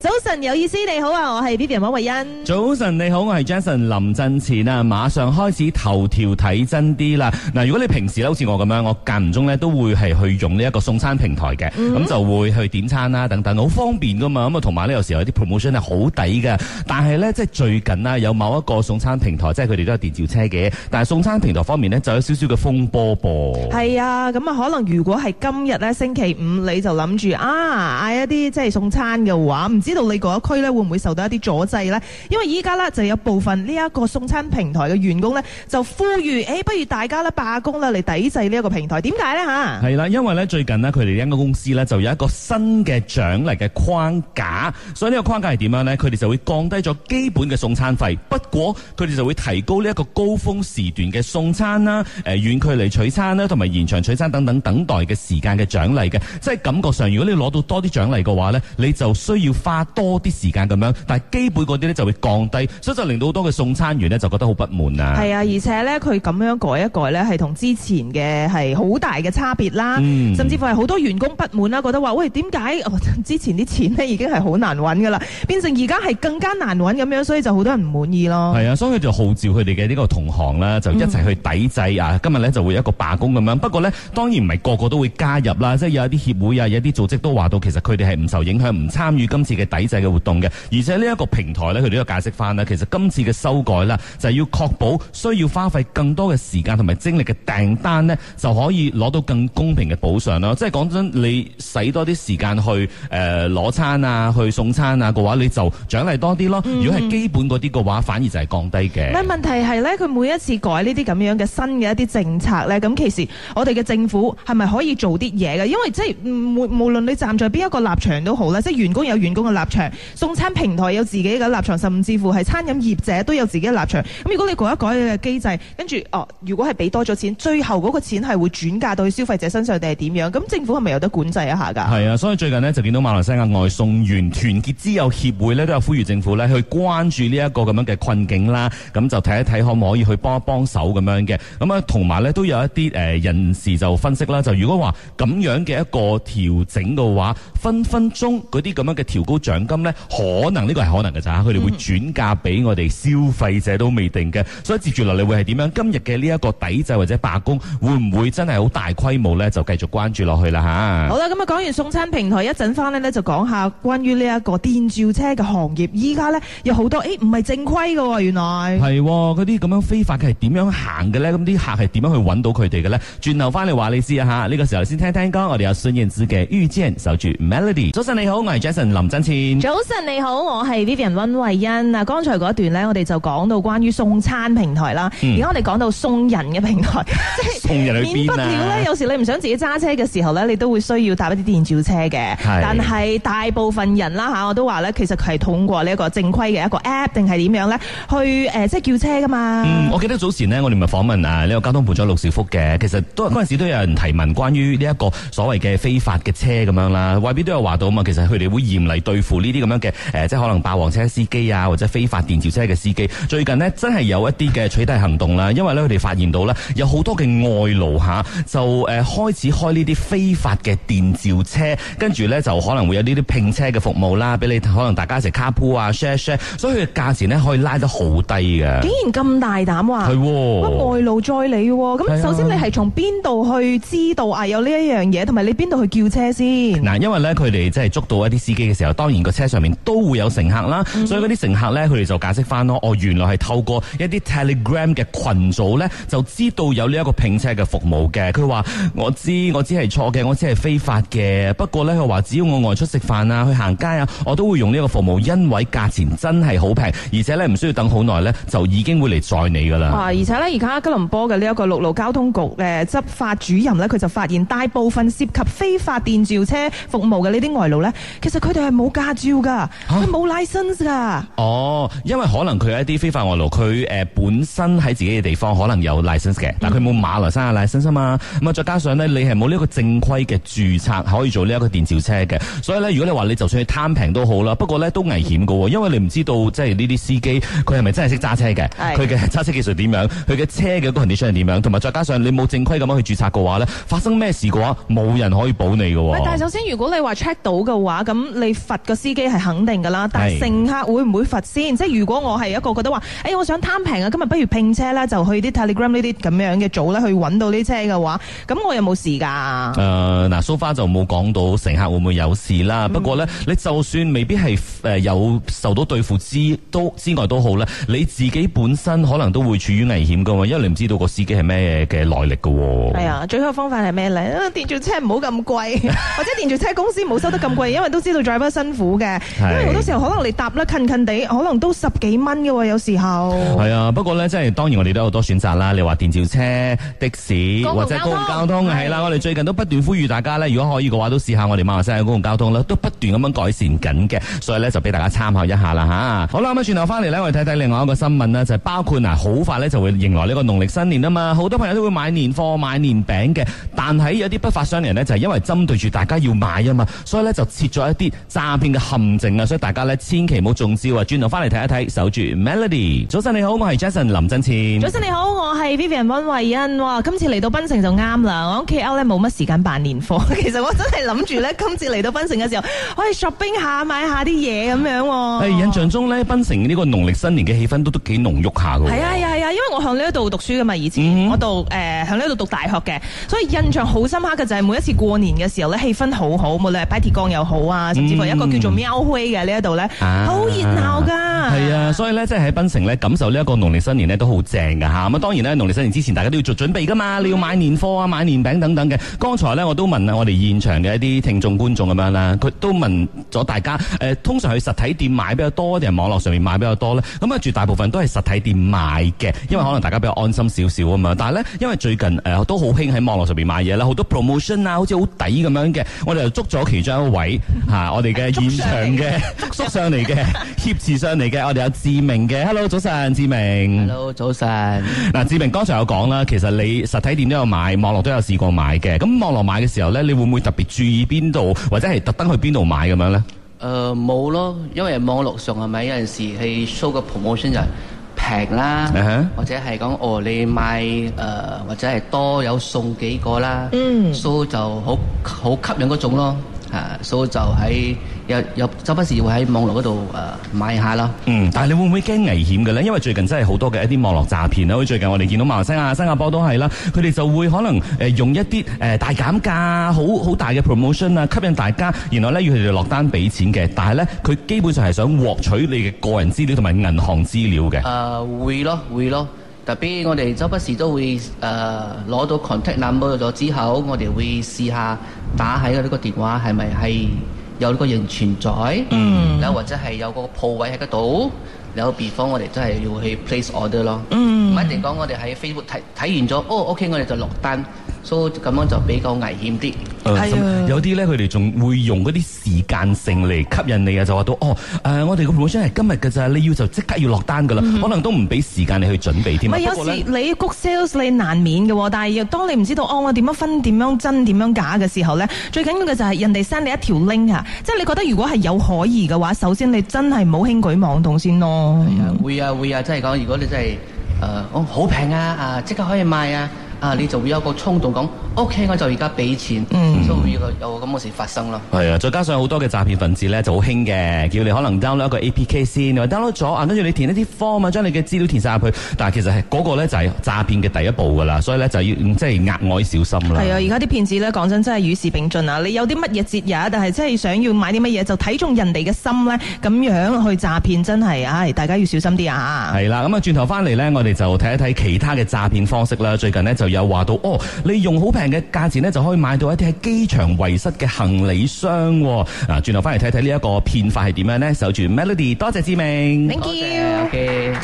早晨有意思，你好啊，我係 Vivian 黃慧欣。早晨你好，我係 Jason 林振前啊，馬上開始頭條睇真啲啦。嗱，如果你平時好似我咁樣，我間唔中咧都會係去用呢一個送餐平台嘅，咁、mm -hmm. 就會去點餐啦等等，好方便噶嘛。咁啊，同埋呢，有時候有啲 promotion 係好抵噶。但係呢，即係最近啊，有某一個送餐平台，即係佢哋都有電召車嘅，但係送餐平台方面呢，就有少少嘅風波噃。係啊，咁啊可能如果係今日呢星期五，你就諗住啊嗌一啲即係送餐嘅話，唔？知道你嗰一區呢會唔會受到一啲阻滯呢？因為依家呢，就有部分呢一個送餐平台嘅員工呢，就呼籲，誒、欸、不如大家呢，罷工啦嚟抵制呢一個平台，點解呢？吓？係啦，因為呢，最近呢，佢哋呢間公司呢，就有一個新嘅獎勵嘅框架，所以呢個框架係點樣呢？佢哋就會降低咗基本嘅送餐費，不過佢哋就會提高呢一個高峰時段嘅送餐啦、誒遠距離取餐啦、同埋延長取餐等等等待嘅時間嘅獎勵嘅，即係感覺上如果你攞到多啲獎勵嘅話呢，你就需要花加多啲時間咁樣，但係基本嗰啲咧就會降低，所以就令到好多嘅送餐員咧就覺得好不滿啊。係啊，而且咧佢咁樣改一改咧，係同之前嘅係好大嘅差別啦、嗯。甚至乎係好多員工不滿啦，覺得話喂點解？哦，之前啲錢咧已經係好難揾噶啦，變成而家係更加難揾咁樣，所以就好多人唔滿意咯。係啊，所以就號召佢哋嘅呢個同行啦，就一齊去抵制、嗯、啊！今日咧就會有一個罷工咁樣。不過咧，當然唔係個個都會加入啦，即係有一啲協會啊，有一啲組織都話到其實佢哋係唔受影響，唔參與今次嘅。抵制嘅活動嘅，而且呢一個平台咧，佢都有解釋翻啦。其實今次嘅修改啦，就係、是、要確保需要花費更多嘅時間同埋精力嘅訂單咧，就可以攞到更公平嘅補償啦。即係講真，你使多啲時間去誒攞、呃、餐啊，去送餐啊嘅話，你就獎勵多啲咯、嗯。如果係基本嗰啲嘅話，反而就係降低嘅。問題係係咧，佢每一次改呢啲咁樣嘅新嘅一啲政策咧，咁其實我哋嘅政府係咪可以做啲嘢嘅？因為即係無論你站在邊一個立場都好啦，即係員工有員工嘅。立場，送餐平台有自己嘅立場，甚至乎係餐飲業者都有自己嘅立場。咁如果你改一改嘅機制，跟住哦，如果係俾多咗錢，最後嗰個錢係會轉嫁到去消費者身上，定係點樣？咁政府係咪有得管制一下噶？係啊，所以最近呢，就見到馬來西亞外送員團結之友協會呢，都有呼籲政府呢去關注呢一個咁樣嘅困境啦。咁就睇一睇可唔可以去幫一幫手咁樣嘅。咁啊，同埋呢，都有一啲誒人士就分析啦，就如果話咁樣嘅一個調整嘅話，分分鐘嗰啲咁樣嘅調高。獎金咧，可能呢個係可能嘅咋，佢哋會轉嫁俾我哋消費者都未定嘅，所以接住落嚟會係點樣？今日嘅呢一個抵制或者罷工會唔會真係好大規模咧？就繼續關注落去啦吓。好啦，咁啊講完送餐平台，一陣翻咧咧就講下關於呢一個電召車嘅行業，依家咧有好多誒唔係正規嘅喎，原來係嗰啲咁樣非法嘅係點樣行嘅咧？咁啲客係點樣去揾到佢哋嘅咧？轉頭翻嚟話你知啊吓，呢個時候先聽聽歌，我哋有孫燕姿嘅《遇見》，守住 Melody。早晨你好，我係 Jason 林振超。早晨你好，我係 Vivian 溫慧欣啊。剛才嗰段咧，我哋就講到關於送餐平台啦。而、嗯、家我哋講到送人嘅平台，即係免不了咧。有時你唔想自己揸車嘅時候咧，你都會需要搭一啲電召車嘅。但係大部分人啦吓，我都話咧，其實佢係通過呢一個正規嘅一個 App 定係點樣咧，去誒即係叫車㗎嘛、嗯。我記得早前咧，我哋咪訪問啊呢、這個交通部長陸兆福嘅，其實都嗰陣時都有人提問關於呢一個所謂嘅非法嘅車咁樣啦。外邊都有話到啊嘛，其實佢哋會嚴厲對。呢啲咁樣嘅誒，即係可能霸王車司機啊，或者非法電召車嘅司機，最近呢，真係有一啲嘅取締行動啦。因為咧佢哋發現到咧有好多嘅外勞嚇，就誒開始開呢啲非法嘅電召車，跟住咧就可能會有呢啲拼車嘅服務啦，俾你可能大家一齊 carpool 啊，share share，所以佢價錢呢可以拉得好低嘅。竟然咁大膽喎！係喎、哦，外勞載你喎。咁首先你係從邊度去知道啊有呢一樣嘢，同埋你邊度去叫車先？嗱，因為咧佢哋即係捉到一啲司機嘅時候，當然。個車上面都會有乘客啦，所以嗰啲乘客呢，佢哋就解釋翻咯。哦，原來係透過一啲 Telegram 嘅群組呢，就知道有呢一個拼車嘅服務嘅。佢話我知，我知係錯嘅，我知係非法嘅。不過呢，佢話只要我外出食飯啊，去行街啊，我都會用呢個服務，因為價錢真係好平，而且呢，唔需要等好耐呢，就已經會嚟載你噶啦。啊，而且呢，而家吉隆坡嘅呢一個陸路交通局，呃、執法主任呢，佢就發現大部分涉及非法電召車服務嘅呢啲外勞呢，其實佢哋係冇駕照㗎，佢冇 license 㗎。哦，oh，因為可能佢係一啲非法外勞，佢誒、呃、本身喺自己嘅地方可能有 license 嘅、mm.，但佢冇馬來西亞 license 嘛。咁啊，再加上呢，你係冇呢一個正規嘅註冊可以做呢一個電召車嘅，所以咧，如果你話你就算去貪平都好啦，不過咧都危險嘅喎、哦，mm. 因為你唔知道即係呢啲司機佢係咪真係識揸車嘅，佢嘅揸車技術點樣，佢嘅車嘅 condition 係點樣，同埋再加上你冇正規咁去註冊嘅話呢，發生咩事嘅話，冇人可以保你嘅、哦。唔係，但係首先如果你話 check 到嘅話，咁你罰個司機係肯定㗎啦，但係乘客會唔會罰先？即係如果我係一個覺得話，誒、欸、我想貪平啊，今日不如拼車啦，就去啲 Telegram 呢啲咁樣嘅組咧，去揾到啲車嘅話，咁我有冇事㗎？誒、呃、嗱，蘇花就冇講到乘客會唔會有事啦。不過咧、嗯，你就算未必係誒有受到對付之都之外都好咧，你自己本身可能都會處於危險㗎嘛，因為你唔知道個司機係咩嘅耐力㗎喎。係、哎、啊，最好方法係咩咧？電召車唔好咁貴， 或者電召車公司冇收得咁貴，因為都知道 driver 苦嘅，因為好多時候可能你搭得近近地，可能都十幾蚊嘅喎，有時候。係啊，不過咧，即係當然我哋都有好多選擇啦。你話電召車、的士或者公共交通係啦，我哋最近都不斷呼籲大家咧，如果可以嘅話，都試下我哋馬來西亞公共交通啦，都不斷咁樣改善緊嘅。所以咧，就俾大家參考一下啦嚇。好啦，咁啊轉頭翻嚟咧，我哋睇睇另外一個新聞咧，就係包括嗱，好快咧就會迎來呢個農曆新年啊嘛，好多朋友都會買年貨、買年餅嘅。但係有啲不法商人呢，就係因為針對住大家要買啊嘛，所以呢，就設咗一啲詐騙。嘅陷阱啊，所以大家咧千祈唔好中招啊！轉頭翻嚟睇一睇，守住 Melody。早晨你好，我係 Jason 林振前。早晨你好，我係 Vivian 溫慧欣。哇，今次嚟到檳城就啱啦！我 KL 咧冇乜時間辦年貨，其實我真係諗住咧今次嚟到檳城嘅時候，可以 shopping 下買下啲嘢咁樣。誒、哎，印象中咧檳城呢個農曆新年嘅氣氛都都幾濃郁下嘅。係啊係啊係啊，因為我喺呢度讀書嘅嘛，以前，mm-hmm. 我度誒喺呢度讀大學嘅，所以印象好深刻嘅就係每一次過年嘅時候咧，氣氛好好，無論係擺鐵鋼又好啊，甚至乎一個做廟會嘅呢一度咧，好熱鬧噶。係啊，所以咧，即係喺檳城咧，感受呢一個農曆新年咧，都好正噶吓。咁啊，當當然咧，農曆新年之前，大家都要做準備噶嘛。你要買年貨啊，買年餅等等嘅。剛才咧，我都問下我哋現場嘅一啲聽眾觀眾咁樣啦，佢都問咗大家，誒，通常去實體店買比較多定係網絡上面買比較多咧？咁啊，絕大部分都係實體店買嘅，因為可能大家比較安心少少啊嘛。但係咧，因為最近誒都好興喺網絡上面買嘢啦，好多 promotion 啊，好似好抵咁樣嘅。我哋就捉咗其中一位嚇，我哋嘅現場嘅捉，捉上嚟嘅，挾持上嚟嘅。我哋有志明嘅，Hello 早晨，志明。Hello 早晨。嗱，志明剛才有講啦，其實你實體店都有買，網絡都有試過買嘅。咁網絡買嘅時候咧，你會唔會特別注意邊度，或者係特登去邊度買咁樣咧？誒，冇咯，因為網絡上係咪有陣時去 show 個 promotion 就平啦，或者係講哦，你買誒或者係多有送幾個啦，嗯，所以就好好吸引嗰種咯，吓，所以就喺。有有周不時會喺網絡嗰度誒買下囉。嗯，但係你會唔會驚危險嘅咧？因為最近真係好多嘅一啲網絡詐騙啦。好似最近我哋見到馬來西亞、新加坡都係啦，佢哋就會可能誒、呃、用一啲誒、呃、大減價、好好大嘅 promotion 啊，吸引大家，然後咧要佢哋落單俾錢嘅。但係咧，佢基本上係想獲取你嘅個人資料同埋銀行資料嘅。誒、呃、會咯，會咯。特別我哋周不時都會誒攞、呃、到 contact number 咗之後，我哋會試下打喺呢個電話係咪係。是有呢個人存在，嗯、mm.，或者係有個鋪位喺嗰度，有個地方我哋都係要去 place order 咯，嗯，唔一定講，我哋喺 Facebook 睇睇完咗，哦，OK 我哋就落單。都、so, 咁樣就比較危險啲，係、uh, 哎嗯、有啲咧，佢哋仲會用嗰啲時間性嚟吸引你啊！就話到哦，誒、呃，我哋嘅 promotion 係今日嘅咋，你要就即刻要落單噶啦、嗯，可能都唔俾時間你去準備添。咪、嗯、有時你谷 sales 你難免嘅，但係當你唔知道哦，我點樣分點樣真點樣假嘅時候咧，最緊要嘅就係人哋 send 你一條 link 嚇，即係你覺得如果係有可疑嘅話，首先你真係唔好輕舉妄動先咯。係、嗯、啊，會啊會啊，即係講如果你真係誒好平啊，啊即刻可以賣啊！啊，你就會有一個衝動講、嗯，OK，我就而家俾錢、嗯，所以有個有咁嘅事發生咯。係啊，再加上好多嘅詐騙分子咧就好興嘅，叫你可能 download 一個 APK 先，download 咗啊，跟住你填一啲 form 啊，將你嘅資料填晒入去。但係其實係嗰個咧就係、是、詐騙嘅第一步㗎啦，所以咧就要即係、就是、額外小心啦。係啊，而家啲騙子咧講真真係與時並進啊！你有啲乜嘢節日，但係真係想要買啲乜嘢，就睇中人哋嘅心咧，咁樣去詐騙，真係唉、哎，大家要小心啲啊！係啦，咁啊轉頭翻嚟咧，我哋就睇一睇其他嘅詐騙方式啦。最近呢，就又話到哦，你用好平嘅價錢咧，就可以買到一啲喺機場遺失嘅行李箱啊、哦，轉頭翻嚟睇睇呢一個片法係點樣呢？守住 Melody，多謝志明。t h a n k you，, Thank you.、Okay.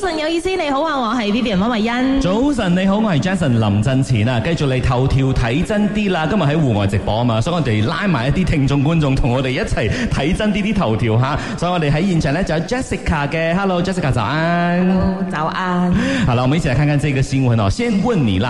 早晨有意思，你好啊，我係 Vivian 林慧欣。早晨你好，我係 Jason 林振前啊。繼續嚟頭條睇真啲啦，今日喺戶外直播啊嘛，所以我哋拉埋一啲聽眾觀眾同我哋一齊睇真啲啲頭條嚇。所以我哋喺現場呢，就有 Jessica 嘅 Hello，Jessica 早安。Hello，早安。好啦，我哋一齊嚟看看這個新聞哦。先問你啦。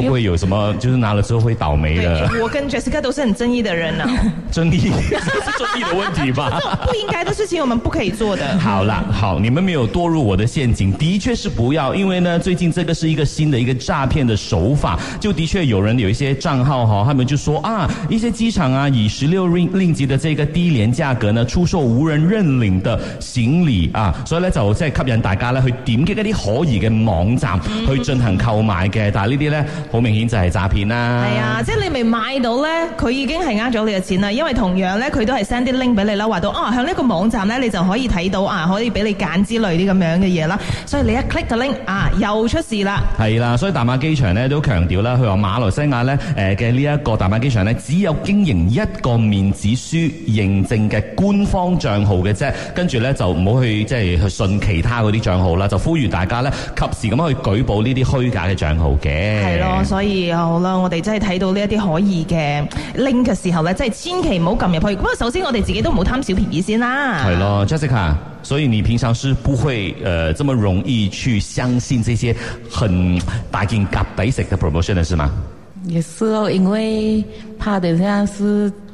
會不會有什麼，就是拿了之後會倒霉的。哎、我跟 Jessica 都是很正義的人呢、啊。正義，這是正義的問題吧？ 不應該的事情，我們不可以做的。好啦，好，你們沒有墮入我的陷阱，的確是不要，因為呢，最近這個是一個新的一個詐騙的手法，就的確有人有一些賬號哈、哦，他們就說啊，一些機場啊，以十六運令吉的這個低廉價格呢，出售無人認領的行李啊，所以呢，就即係吸引大家呢，去點擊一啲可疑嘅網站去進行購買嘅，但係呢啲咧。好明顯就係詐騙啦！係啊，即係你未買到咧，佢已經係呃咗你嘅錢啦。因為同樣咧，佢都係 send 啲 link 俾你啦，話到啊、哦，向呢個網站咧，你就可以睇到啊，可以俾你揀之類啲咁樣嘅嘢啦。所以你一 click 個 link 啊，又出事啦！係啦、啊，所以大馬機場咧都強調啦，佢話馬來西亞咧嘅呢一、呃、個大馬機場咧，只有經營一個面子書認證嘅官方帳號嘅啫。跟住咧就唔好去即係去信其他嗰啲帳號啦。就呼籲大家咧，及時咁去舉報呢啲虛假嘅帳號嘅。係咯、啊。cin stereotype oh, 所以、哦、好啦，我哋真係睇到呢一啲可疑嘅 link 嘅時候咧，真係千祈唔好撳入去。不過，首先我哋自己都唔好貪小便宜先啦。係 Stadium 咯、boys.，Jessica，所以你平常是不會誒這麼容易去相信這些很大件夾、呃、抵食嘅 promotion 嘅，是嗎？也是咯，因為怕啲嘢係